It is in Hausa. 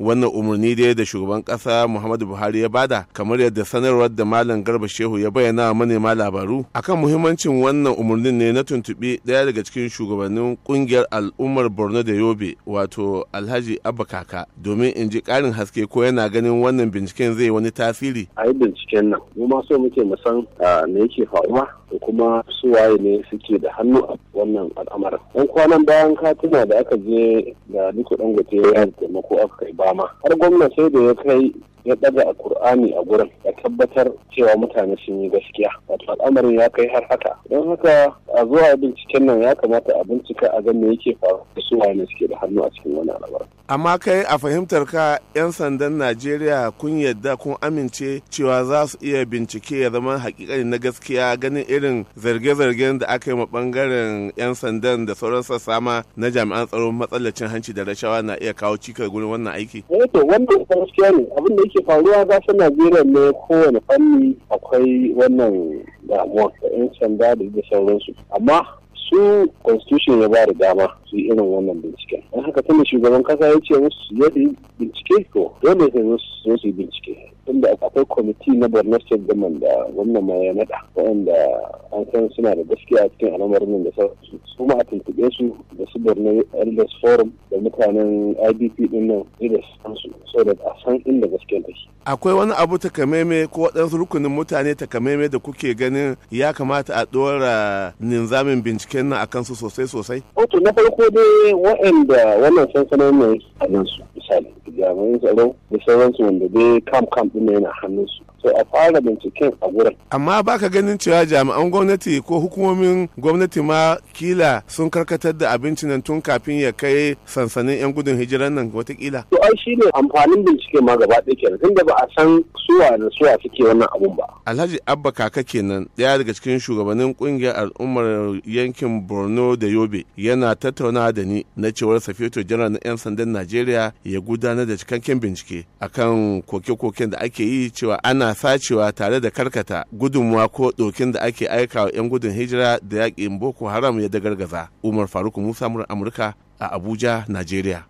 wannan umarni dai da shugaban kasa muhammadu buhari ya bada kamar yadda sanarwar da malam garba shehu ya bayyana wa manema labaru akan muhimmancin wannan umarnin ne na tuntuɓi ɗaya daga cikin shugabannin ƙungiyar al'ummar borno da yobe wato alhaji abba kaka domin in ji ƙarin haske ko yana ganin wannan binciken zai wani tasiri a yi binciken nan mu ma so muke mu san ah, me yake faruwa da kuma waye ne suke da hannu a wannan al'amarin yan kwanan bayan katina da aka je da duk dangote ya taimako aka kai bama har gwamna sai da ya kai ya ɗaga a Kur'ani a gurin ya tabbatar cewa mutane sun yi gaskiya wato al'amarin ya kai har haka don haka a zuwa binciken nan ya kamata a bincika a ganin yake faru da su ne suke da hannu a cikin wani al'amar amma kai a fahimtar ka 'yan sandan najeriya kun yadda kun amince cewa za su iya bincike ya zama hakikani na gaskiya ganin irin zarge-zargen da aka yi ma bangaren 'yan sandan da sauran sassa na jami'an tsaron matsalacin hanci da rashawa na iya kawo cikar gurin wannan aiki. Eh wannan gaskiya ne ke faruwa gasar najeriya ne kowane fanni akwai wannan damuwa da 'yan sanda da sauransu amma su constitution ya ba da dama su yi irin wannan binciken don haka tunda shugaban kasa ya ce musu su yi bincike ko dole sai musu su yi bincike tunda akwai kwamiti na borno state government da wannan ma ya naɗa waɗanda an san suna da gaskiya a cikin al'amarin da sauransu su ma a tuntuɓe su da su borno elders forum da mutanen idp din nan da su so da a san inda ta take akwai wani abu takamaime ko waɗansu rukunin mutane takamaime da kuke ganin ya kamata a ɗora ninzamin binciken nan a kansu sosai sosai? Oto na farko sai dai waɗanda wannan sansanin ne a su misali jami'in tsaro da sauransu wanda dai kam kam ɗin yana hannunsu so a fara binciken a wurin. amma baka ganin cewa jami'an gwamnati ko hukumomin gwamnati ma kila sun karkatar da abincin nan tun kafin ya kai sansanin 'yan gudun hijiran nan watakila. to ai shine amfanin bincike ma gaba ɗaya kenan tunda ba a san suwa da suwa suke wannan abun ba. alhaji abba kaka kenan ɗaya daga cikin shugabannin ƙungiyar al'ummar yankin borno da yobe yana tattaunawa da ni na cewar safeto janar na 'yan sandan najeriya ya gudanar da cikakken bincike akan koke-koken da ake yi cewa ana facewa sacewa tare da karkata gudunmuwa ko dokin da ake aikawa 'yan gudun hijira da yaƙin boko haram ya dagargaza umar faruk musa murar amurka a abuja najeriya